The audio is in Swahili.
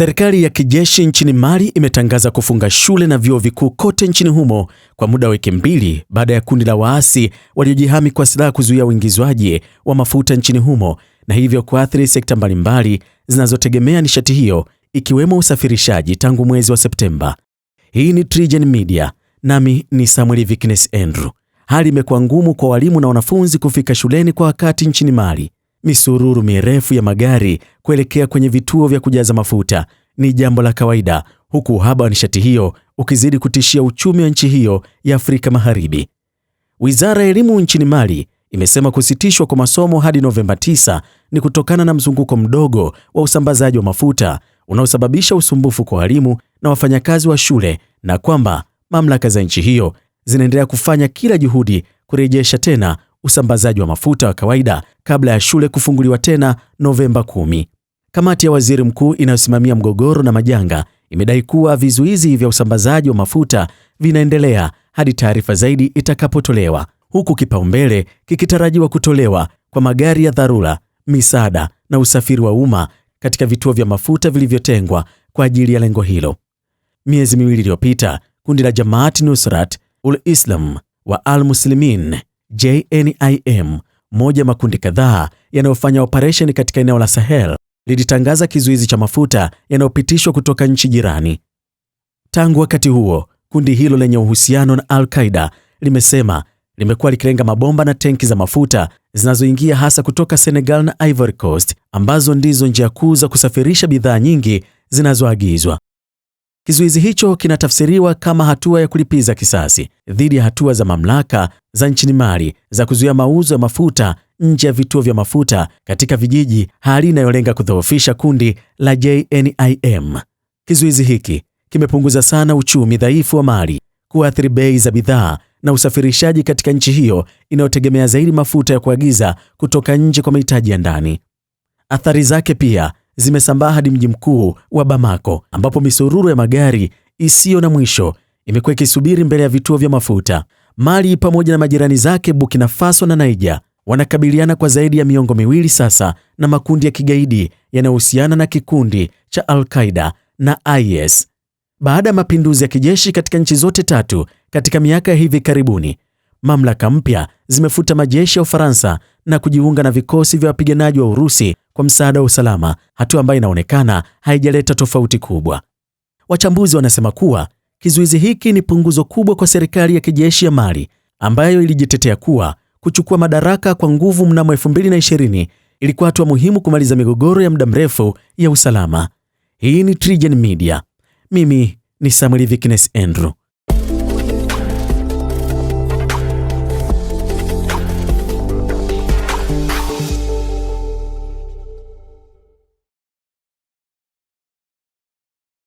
Serikali ya kijeshi nchini Mali imetangaza kufunga shule na vyuo vikuu kote nchini humo kwa muda wa wiki mbili baada ya kundi la waasi waliojihami kwa silaha kuzuia uingizwaji wa mafuta nchini humo na hivyo kuathiri sekta mbalimbali zinazotegemea nishati hiyo ikiwemo usafirishaji tangu mwezi wa Septemba. Hii ni Trigen Media, nami ni Samuel vikness Andrew. Hali imekuwa ngumu kwa walimu na wanafunzi kufika shuleni kwa wakati nchini Mali. Misururu mirefu ya magari kuelekea kwenye vituo vya kujaza mafuta ni jambo la kawaida, huku uhaba wa nishati hiyo ukizidi kutishia uchumi wa nchi hiyo ya Afrika Magharibi. Wizara ya Elimu nchini Mali imesema kusitishwa kwa masomo hadi Novemba 9 ni kutokana na mzunguko mdogo wa usambazaji wa mafuta unaosababisha usumbufu kwa walimu na wafanyakazi wa shule na kwamba mamlaka za nchi hiyo zinaendelea kufanya kila juhudi kurejesha tena usambazaji wa mafuta wa kawaida kabla ya shule kufunguliwa tena Novemba 10. Kamati ya waziri mkuu inayosimamia mgogoro na majanga imedai kuwa vizuizi vya usambazaji wa mafuta vinaendelea hadi taarifa zaidi itakapotolewa, huku kipaumbele kikitarajiwa kutolewa kwa magari ya dharura, misaada na usafiri wa umma katika vituo vya mafuta vilivyotengwa kwa ajili ya lengo hilo. Miezi miwili iliyopita, kundi la Jamaat Nusrat ul Islam wa Al-Muslimin JNIM, moja makundi kadhaa yanayofanya operesheni katika eneo la Sahel, lilitangaza kizuizi cha mafuta yanayopitishwa kutoka nchi jirani. Tangu wakati huo, kundi hilo lenye uhusiano na Al-Qaeda limesema limekuwa likilenga mabomba na tenki za mafuta zinazoingia hasa kutoka Senegal na Ivory Coast ambazo ndizo njia kuu za kusafirisha bidhaa nyingi zinazoagizwa. Kizuizi hicho kinatafsiriwa kama hatua ya kulipiza kisasi dhidi ya hatua za mamlaka za nchini Mali za kuzuia mauzo ya mafuta nje ya vituo vya mafuta katika vijiji, hali inayolenga kudhoofisha kundi la JNIM. Kizuizi hiki kimepunguza sana uchumi dhaifu wa Mali, kuathiri bei za bidhaa na usafirishaji katika nchi hiyo inayotegemea zaidi mafuta ya kuagiza kutoka nje kwa mahitaji ya ndani. Athari zake pia zimesambaa hadi mji mkuu wa Bamako, ambapo misururu ya magari isiyo na mwisho imekuwa ikisubiri mbele ya vituo vya mafuta. Mali pamoja na majirani zake Burkina Faso na Niger wanakabiliana kwa zaidi ya miongo miwili sasa na makundi ya kigaidi yanayohusiana na kikundi cha Al-Qaeda na IS. Baada ya mapinduzi ya kijeshi katika nchi zote tatu katika miaka ya hivi karibuni, mamlaka mpya zimefuta majeshi ya Ufaransa na kujiunga na vikosi vya wapiganaji wa Urusi kwa msaada wa usalama, hatua ambayo inaonekana haijaleta tofauti kubwa. Wachambuzi wanasema kuwa kizuizi hiki ni punguzo kubwa kwa serikali ya kijeshi ya Mali ambayo ilijitetea kuwa kuchukua madaraka kwa nguvu mnamo 2020 ilikuwa hatua muhimu kumaliza migogoro ya muda mrefu ya usalama. Hii ni TriGen Media. Mimi ni Samuel Viknes Andrew.